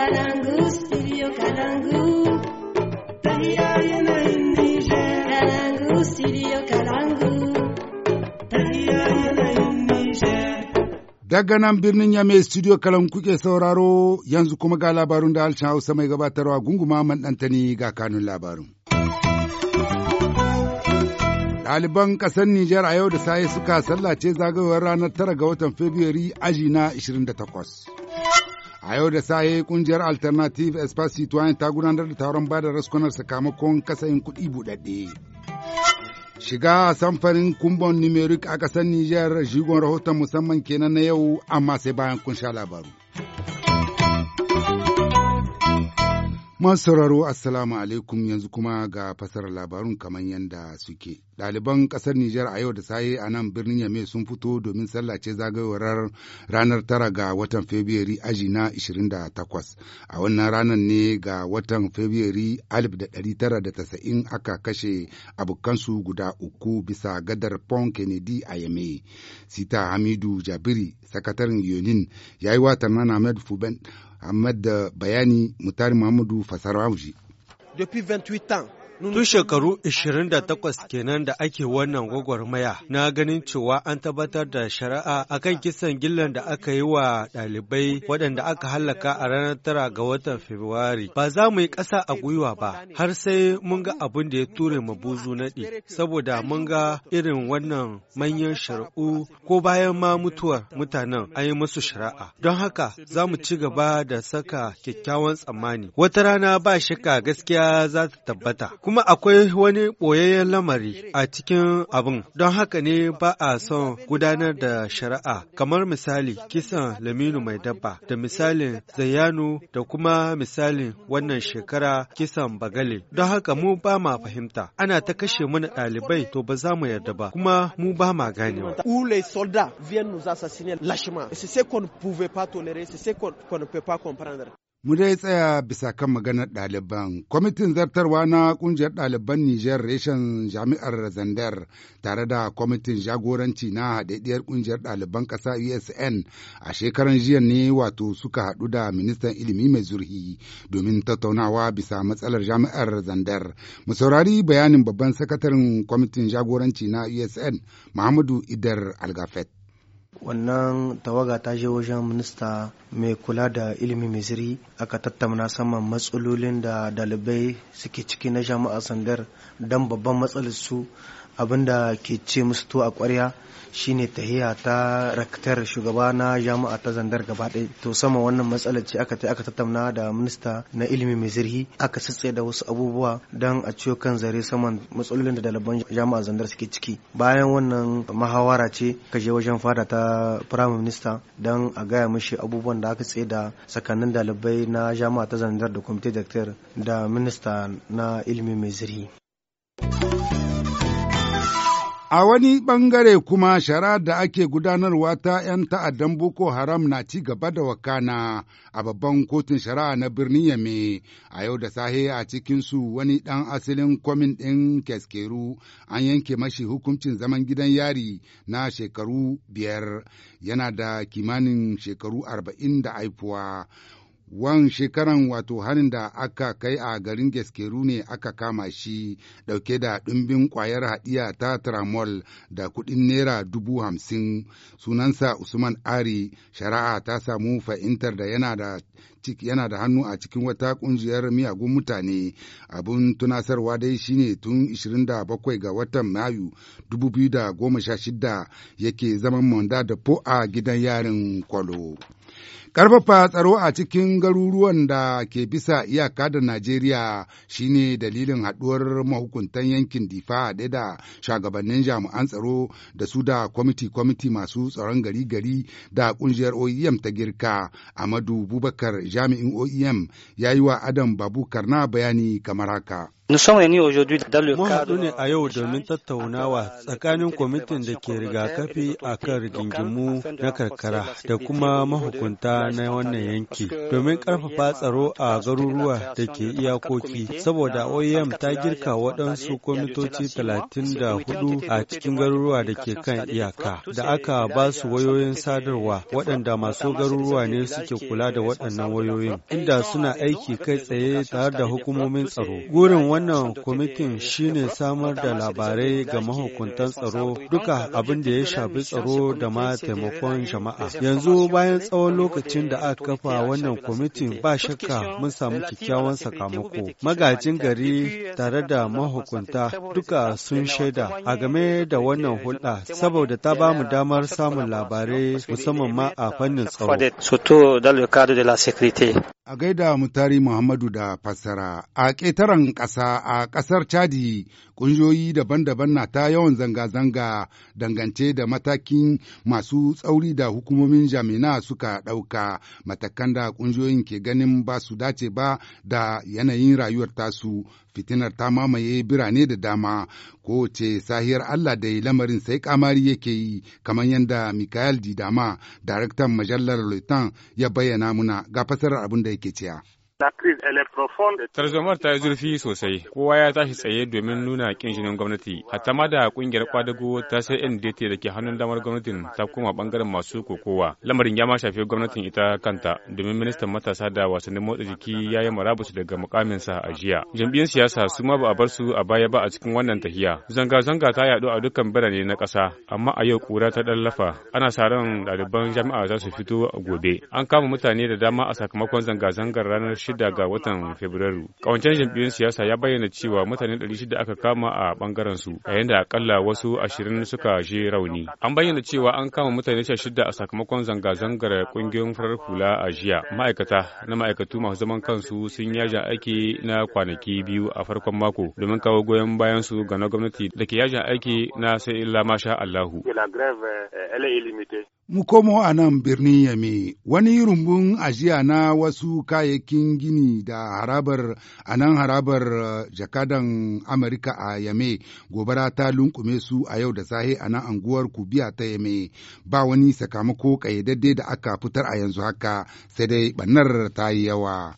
studio yanayin studio yanayin Daga nan birnin Yame studio kalan kuke sauraro yanzu kuma ga labarun da halshen Hausa mai gabatarwa gunguma man ga kanun labarun. Ɗaliban ƙasar Nijar a yau da saye suka sallace zagayowar ranar tara ga watan Fabrairu aji na 28. A yau da saye kungiyar Alternative Espace Citoyen ta gudanar da taron ba da raskunar sakamakon kasayin kuɗi buɗaɗɗe. Shiga samfarin kumbon numeric a ƙasar Nijar jigon rahoton musamman kenan na yau amma sai bayan kun sha labaru. Masu sauraro Assalamu alaikum yanzu kuma ga fasarar labarun kamar yadda suke. Ɗaliban ƙasar Nijar a yau da saye a nan birnin Yame sun fito domin sallace zagayowar ranar tara ga watan Fabrairu aji na 28. A wannan ranar ne ga watan Fabrairu 1990 aka kashe abokansu guda uku bisa gadar Pon Kennedy a Yame. Sita Hamidu Jabiri, sakataren Yunin, ya yi watan Ahmed Fuben Ahmed Bayani Mutari Muhammadu Fasara Hauji. Depuis 28 ans, Tun shekaru 28 kenan da ake wannan gwagwarmaya na ganin cewa an tabbatar da shari'a akan kisan gillan da aka yi wa ɗalibai waɗanda aka hallaka a ranar tara ga watan Fabrairu. Ba za mu yi ƙasa a gwiwa ba har sai mun ga abin da ya ture mu buzu naɗi saboda mun ga irin wannan manyan shari'u ko bayan ma mutuwar mutanen an yi musu shari'a. Don haka za mu ci gaba da saka kyakkyawan tsammani. Wata rana ba shakka gaskiya za ta tabbata. kuma akwai wani ɓoyayyen lamari a cikin abin don haka ne ba a son gudanar da shari'a kamar misali kisan laminu mai dabba da misalin zayanu da kuma misalin wannan shekara kisan bagale don haka mu ba ma fahimta ana ta kashe mana ɗalibai to ba za mu yarda ba kuma mu ba ma gane ba. Mu dai tsaya bisa kan maganar ɗaliban. Kwamitin zartarwa na ƙungiyar ɗaliban Nijar reshen jami'ar Zandar tare da kwamitin jagoranci na haɗaɗɗiyar ƙungiyar ɗaliban ƙasa USN a shekaran jiya ne wato suka haɗu da ministan ilimi mai zurhi domin tattaunawa bisa matsalar jami'ar Zandar. Mu saurari bayanin babban sakataren kwamitin jagoranci na USN Muhammadu Idar Algafet. Wannan tawaga ta je wajen minista mai kula da ilimi misiri aka tattauna saman matsalolin da dalibai suke ciki na jami'a sandar don babban matsalar su abin da ke ce musu to a kwarya shine tahiya ta raktar shugaba na jami'a ta zandar gaba ɗaya to sama wannan matsalar ce aka aka tattauna da minista na ilimi mai zirhi aka sitse da wasu abubuwa don a ciyo kan zare saman matsalolin da daliban jami'a zandar suke ciki bayan wannan mahawara ce ka je wajen fada ta prime minister don a gaya mishi abubuwan da aka tsaye da tsakanin dalibai na jami'a ta zandar da kwamitin da minista na ilimi mai zirhi A wani ɓangare kuma shara da ake gudanarwa ta ‘yan ta'addan Boko Haram na ci gaba da wakana a babban kotun shari'a na birnin Yame a yau da sahe a cikinsu wani ɗan asalin kwamin ɗin Keskeru an yanke mashi hukuncin zaman gidan yari na shekaru biyar yana da kimanin shekaru arba'in da aifuwa. wan shekaran wato hanin da aka kai a garin geskeru ne aka kama shi dauke da ɗumbin kwayar haɗiya ta tramol da kuɗin naira dubu hamsin sunansa usman ari shari'a ta samu fahimtar da yana da yana da hannu a cikin wata kungiyar miyagun mutane. Abin tunasarwa dai shine tun 27 ga watan Mayu 2016 yake zaman manda da Po a gidan yarin Kwalo. Karfafa tsaro a cikin garuruwan da ke bisa iyaka da Najeriya shine dalilin haɗuwar mahukuntan yankin Difa ɗaya da shagabannin jami'an tsaro da su da kwamiti-kwamiti masu tsaron gari-gari da ƙungiyar OEM ta girka Amadu Bubakar jami'in OEM ya yi wa Adam Babu Karna bayani kamar haka. Mun haɗu ne a yau domin tattaunawa tsakanin kwamitin da ke rigakafi a kan rigingimu na karkara da kuma mahukunta na wannan yanki domin ƙarfafa tsaro a garuruwa da ke iyakoki saboda OEM ta girka waɗansu kwamitoci talatin da hudu a cikin garuruwa da ke kan iyaka da aka ba su wayoyin sadarwa waɗanda masu garuruwa ne suke kula da waɗannan wayoyin inda suna aiki kai tsaye tare da hukumomin tsaro. Gurin wannan kwamitin shine samar da labarai ga mahukuntan tsaro duka abin da ya shafi tsaro da ma taimakon jama'a. Yanzu bayan tsawon lokacin da aka kafa wannan kwamitin ba shakka mun samu kyakkyawan sakamako. Magajin gari tare da mahukunta duka sun shaida a game da wannan hulɗa saboda ta ba mu damar samun labarai musamman ma a fannin tsaro. A gaida mutari Muhammadu da fassara, a ƙetaren ƙasa a ƙasar Chadi ƙungiyoyi daban-daban na ta yawan zanga-zanga dangance da matakin masu tsauri da hukumomin jamina suka ɗauka matakan da ƙungiyoyin ke ganin ba su dace ba da yanayin rayuwar tasu fitinar ta mamaye birane da dama ko sahiyar Allah da lamarin sai kamari yake yi kamar yadda Mikael Didama, daraktan majalar Lutan ya bayyana muna ga fasarar abin da rikicewa. tarzoma ta yi zurfi sosai, kowa ya tashi tsaye domin nuna kin jinin gwamnati. Hatta ma da ƙungiyar kwadago ta sai NDT da ke hannun damar gwamnatin ta koma ɓangaren masu kokowa. Lamarin ya ma shafi gwamnatin ita kanta domin ministan matasa da wasannin motsa jiki ya yi murabus daga mukaminsa a jiya. Jam'iyyar siyasa su ma ba a bar su a baya ba a cikin wannan tahiya. Zanga-zanga ta yaɗu a dukkan birane na ƙasa, amma a yau kura ta ɗallafa. Ana sa ran ɗaliban jami'a za su fito gobe. An kama mutane da dama a sakamakon zanga-zangar ranar shida ga watan Fabrairu. Kawancen jam'iyyun siyasa ya bayyana cewa mutane ɗari shida aka kama a bangaren su, yayin da akalla wasu ashirin suka je rauni. An bayyana cewa an kama mutane sha shida a sakamakon zanga-zangar ƙungiyoyin farar hula a jiya. Ma'aikata na ma'aikatu masu zaman kansu sun yajin aiki na kwanaki biyu a farkon mako domin kawo goyon bayan su ga na gwamnati da ke yajin aiki na sai illa masha Allahu. Mu komo a nan birnin Yame, wani rumbun ajiya na wasu kayayyakin gini da harabar a nan harabar eh, jakadan Amurka a Yame, gobara ta lunkume su a yau da sahe a nan anguwar Kubiya ta Yame, ba wani sakamako kayyadadde da aka fitar a yanzu haka sai dai bannar ta yi yawa.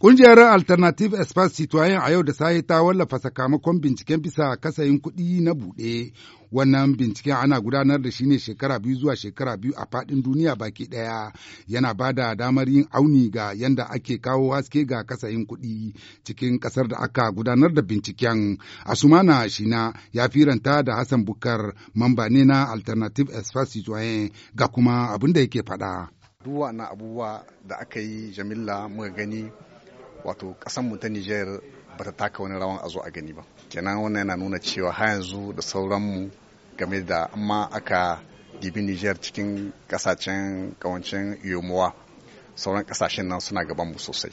Ƙungiyar Alternative Espace Citoyen a yau da sahi ta wallafa sakamakon binciken bisa kasayin kuɗi na buɗe wannan binciken ana gudanar da shi ne shekara biyu zuwa shekara biyu a faɗin duniya baki ɗaya yana ba da damar yin auni ga yanda ake kawo haske ga kasayin kuɗi cikin ƙasar da aka gudanar da binciken asumana shina ya firanta da hassan bukar mamba ne na alternative espace citoyen ga kuma abin da yake faɗa. duk na abubuwa da aka yi jamila muka gani wato ƙasar mu ta niger ba ta taka wani rawan a zo a gani ba kenan wannan yana nuna cewa har yanzu da sauranmu game da amma aka dibi niger cikin kasashen kawancin yomuwa sauran kasashen nan suna gabanmu sosai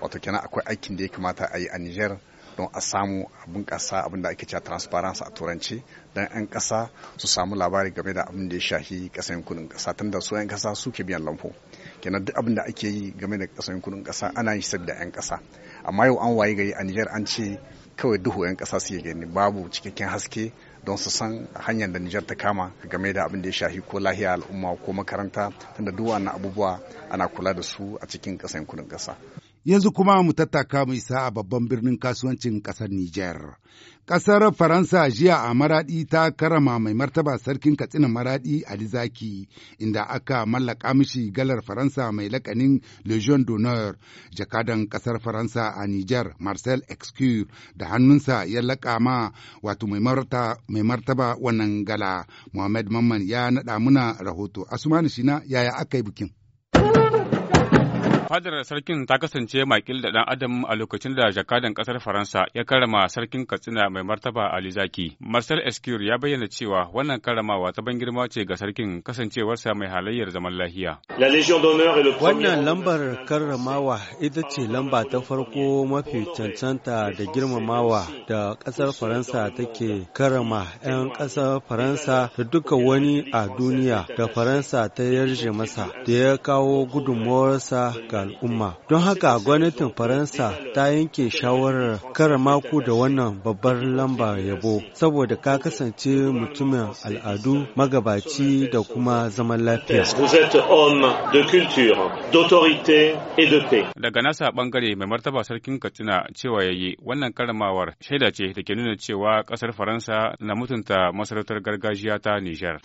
wato kenan akwai aikin da ya kamata a yi a niger don a samu abin kasa abin da ake cewa transparency a turanci don 'yan kasa su samu labari game da abin da ya shahi kasan kudin kasa tun da su 'yan kasa suke biyan lamfo kenan duk abin da ake yi game da kasan kudin kasa ana yi sabida 'yan kasa amma yau an waye gari a Nijar an ce kawai duhu 'yan ƙasa suke gani babu cikakken haske don su san hanyar da Nijar ta kama game da abin da ya shafi ko lahiya al'umma ko makaranta tunda duk wannan abubuwa ana kula da su a cikin ƙasan kudin ƙasa. Yanzu kuma mu tattaka mu isa a babban birnin kasuwancin ƙasar Nijar. Ƙasar Faransa jiya a Maraɗi ta karama mai martaba sarkin Katsina Maraɗi Ali Zaki inda aka mallaka mishi galar Faransa mai lakanin Legion d'honneur jakadan ƙasar Faransa a Nijar Marcel Excure da hannunsa ya laƙa ma wato mai martaba wannan gala. Muhammad Mamman ya naɗa muna rahoto. Asumani Shina yaya aka yi bikin? Fadar sarkin ta kasance makil da ɗan adam a lokacin da jakadan ƙasar Faransa ya karama sarkin Katsina mai martaba Ali Zaki. Marcel Escure ya bayyana cewa wannan karamawa ta ban girma ce ga sarkin kasancewarsa mai halayyar zaman lahiya. Wannan lambar karramawa ita ce lamba ta farko mafi cancanta da girmamawa da ƙasar Faransa take karama 'yan ƙasar Faransa da duka wani a duniya da Faransa ta yarje masa da ya kawo gudunmawarsa ga al'umma. Don haka gwamnatin Faransa ta yanke shawarar kara mako da wannan babbar lamba yabo saboda ka kasance mutumin al'adu magabaci da kuma zaman lafiya. Daga nasa bangare mai martaba sarkin Katsina cewa yayi wannan karamawar shaida ce da ke nuna cewa kasar Faransa na mutunta masarautar gargajiya ta Nijar.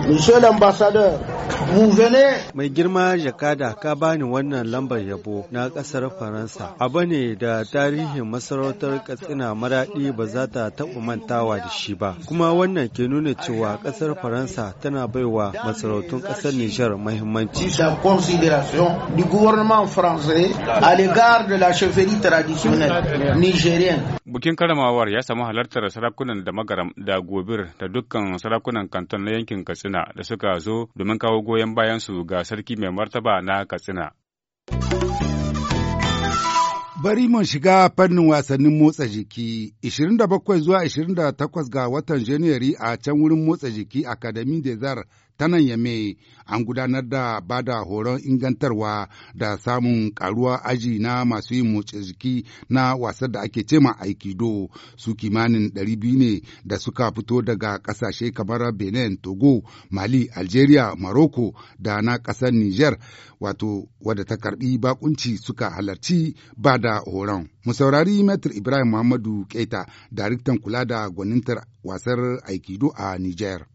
Mai girma jakada ka bani wannan lambar yabo yabo na kasar Faransa. Abu ne da tarihin masarautar Katsina maraɗi ba za ta taɓa mantawa da shi ba. Kuma wannan ke nuna cewa kasar Faransa tana baiwa masarautun kasar Nijar mahimmanci. Bukin karamawar ya samu halartar sarakunan da magaram da gobir da dukkan sarakunan kanton na yankin Katsina da suka zo domin kawo goyon bayan su ga sarki mai martaba na Katsina. Bari mun shiga fannin wasannin motsa jiki, 27 zuwa 28 ga watan Janairu a can wurin motsa jiki Academy Desert ta nan mai an gudanar da ba da horon ingantarwa da samun karuwa aji na masu yin motsa jiki na wasar da ake cema aikido su kimanin 200 ne da suka fito daga kasashe kamar benin togo mali algeria morocco da na ƙasar niger wato wadda ta karbi bakunci suka halarci bada horon mu saurari metr ibrahim muhammadu keta daraktan kula da gwanintar wasar aikido a niger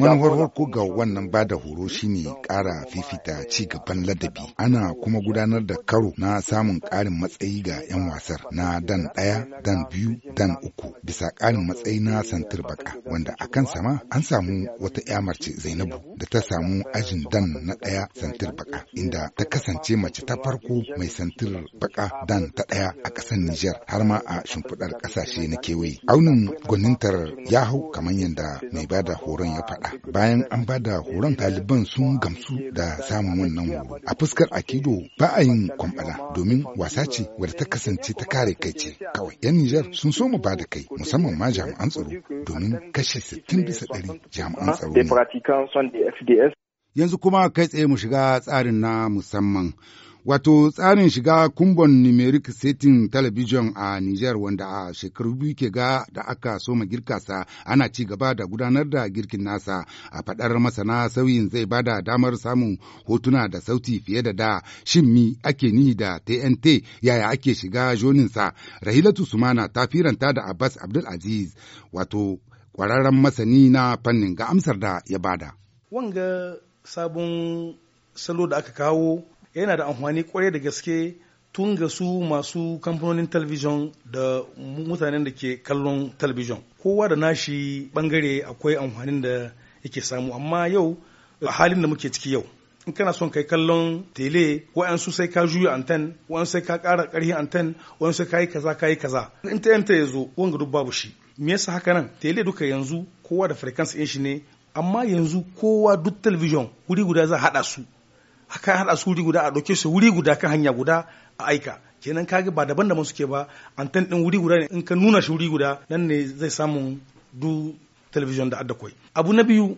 warwar ko ga wannan ba da horo shine ƙara fifita ci gaban ladabi. Ana kuma gudanar da karo na samun ƙarin matsayi ga 'yan wasar na dan ɗaya, dan biyu, dan uku bisa ƙarin matsayi na santir baka wanda a kan sama an samu wata 'ya mace Zainabu da ta samu ajin dan na ɗaya santir baka inda ta kasance mace ta farko mai santir baka dan ta ɗaya a ƙasar Nijar har ma a shimfiɗar ƙasashe na kewaye. Aunin gwanintar ya hau kamar yadda mai ba da horon ya faɗa. Bayan an ba da horon ɗaliban sun gamsu da samun wannan horo. A fuskar Akido ba a yin kwambala domin wasa ce wadda ta kasance ta kare kai ce kawai. 'Yan Nijar sun so mu ba da kai musamman ma jami'an tsaro domin kashe 60 bisa ɗari jami'an tsaro ne. Yanzu kuma kai tsaye mu shiga tsarin na musamman. Wato tsarin shiga kumbon numeric setting television a Niger wanda a shekaru biyu ke ga da aka soma girkasa ana ci gaba da gudanar da girkin nasa a fadar masana sauyin zai bada damar samun hotuna da sauti fiye da da shin mi ake ni da TNT yaya ake shiga joninsa Rahilatu Sumana ta firanta da Abbas Abdul Aziz wato kwararren masani na fannin ga amsar da ya bada. Wanga sabon salo da aka kawo yana da amfani kwarai da gaske tun ga su masu kamfanonin talabijin da mutanen da ke kallon talabijin kowa da nashi bangare akwai amfanin da yake samu amma yau a halin da muke ciki yau in kana son kai kallon tele wa'ansu sai ka juya anten wa'ansu sai ka ƙara ƙarfin anten wa'ansu sai ka yi kaza ka yi kaza in ta yanta ya zo wanga duk babu shi me yasa haka nan tele duka yanzu kowa da frequency ɗin shi ne amma yanzu kowa duk television wuri guda za haɗa su akan hada su wuri guda a ɗauke su wuri guda kan hanya guda a aika kenan kage ba daban daban suke ba antan din wuri guda ne in ka nuna shi wuri guda nan ne zai samu du talabijin da adda koi abu na biyu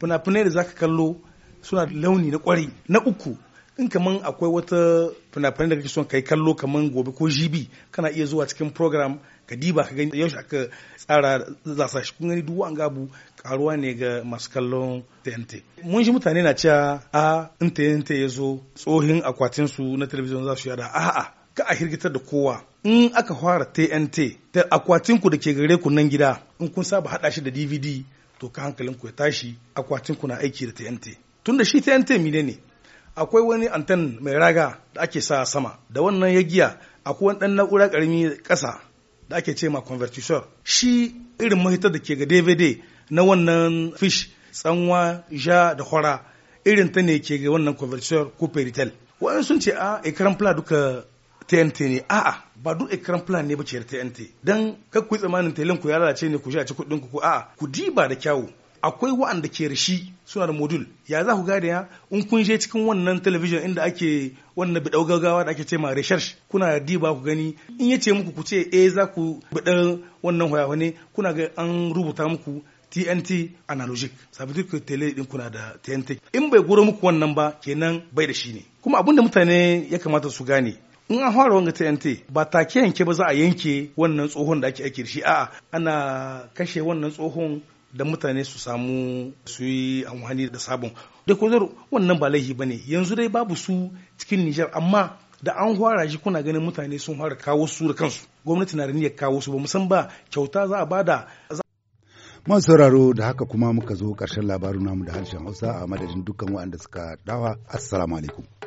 fina-finai da zaka kallo suna launi na kwari na uku in kaman akwai wata fina-finai da kake son kai kallo kaman gobe ko jibi kana iya zuwa cikin program ka diba ka gani yaushe aka tsara za su shi kun gani duk wanga abu karuwa ne ga masu kallon TNT mun shi mutane na cewa a in TNT ya zo tsohin akwatin su na talabijin za su yada a ka a hirgitar da kowa in aka fara TNT ta akwatin ku da ke gare ku nan gida in kun saba hada shi da DVD to ka hankalin ku ya tashi akwatin ku na aiki da TNT Tun da shi TNT mine ne akwai wani anten mai raga da ake sa sama da wannan ya giya akwai wani dan na'ura karami ƙasa da ake ce ma convertisseur shi irin mahitar da ke ga dvd na wannan fish tsanwa ja da hora irin ta ne ke ga wannan convertisseur ko peritel wa'an sun ce a ekran plan duka TNT ne a'a ba duk ekran plan ne ba ce TNT dan kar ku tsammanin telen ku ya lalace ne ku ji a ci kuɗin ku a'a ku diba da kyawu akwai wa'anda ke rishi suna da modul ya za ku gane ya in kun je cikin wannan talabijin inda ake wannan bidau gaggawa da ake ce ma research kuna diba ku gani in ya ce muku ku ce eh za ku bidan wannan hoya ne kuna ga an rubuta muku TNT analogic sabidir ku tele din kuna da TNT in bai goro muku wannan ba kenan bai da shi ne kuma abin da mutane ya kamata su gane in an fara wanga TNT ba take yanke ba za a yanke wannan tsohon da ake ake shi a'a ana kashe wannan tsohon da mutane su samu su yi amfani da sabon da kodar wannan ba ba ne yanzu dai babu su cikin Nijar amma da an fara shi kuna ganin mutane sun fara kawo su da kansu gwamnati na da niyyar kawo su ba musan ba kyauta za a bada masu sauraro da haka kuma muka zo karshen labarin namu da harshen hausa a madadin dukkan waɗanda suka dawa assalamu alaikum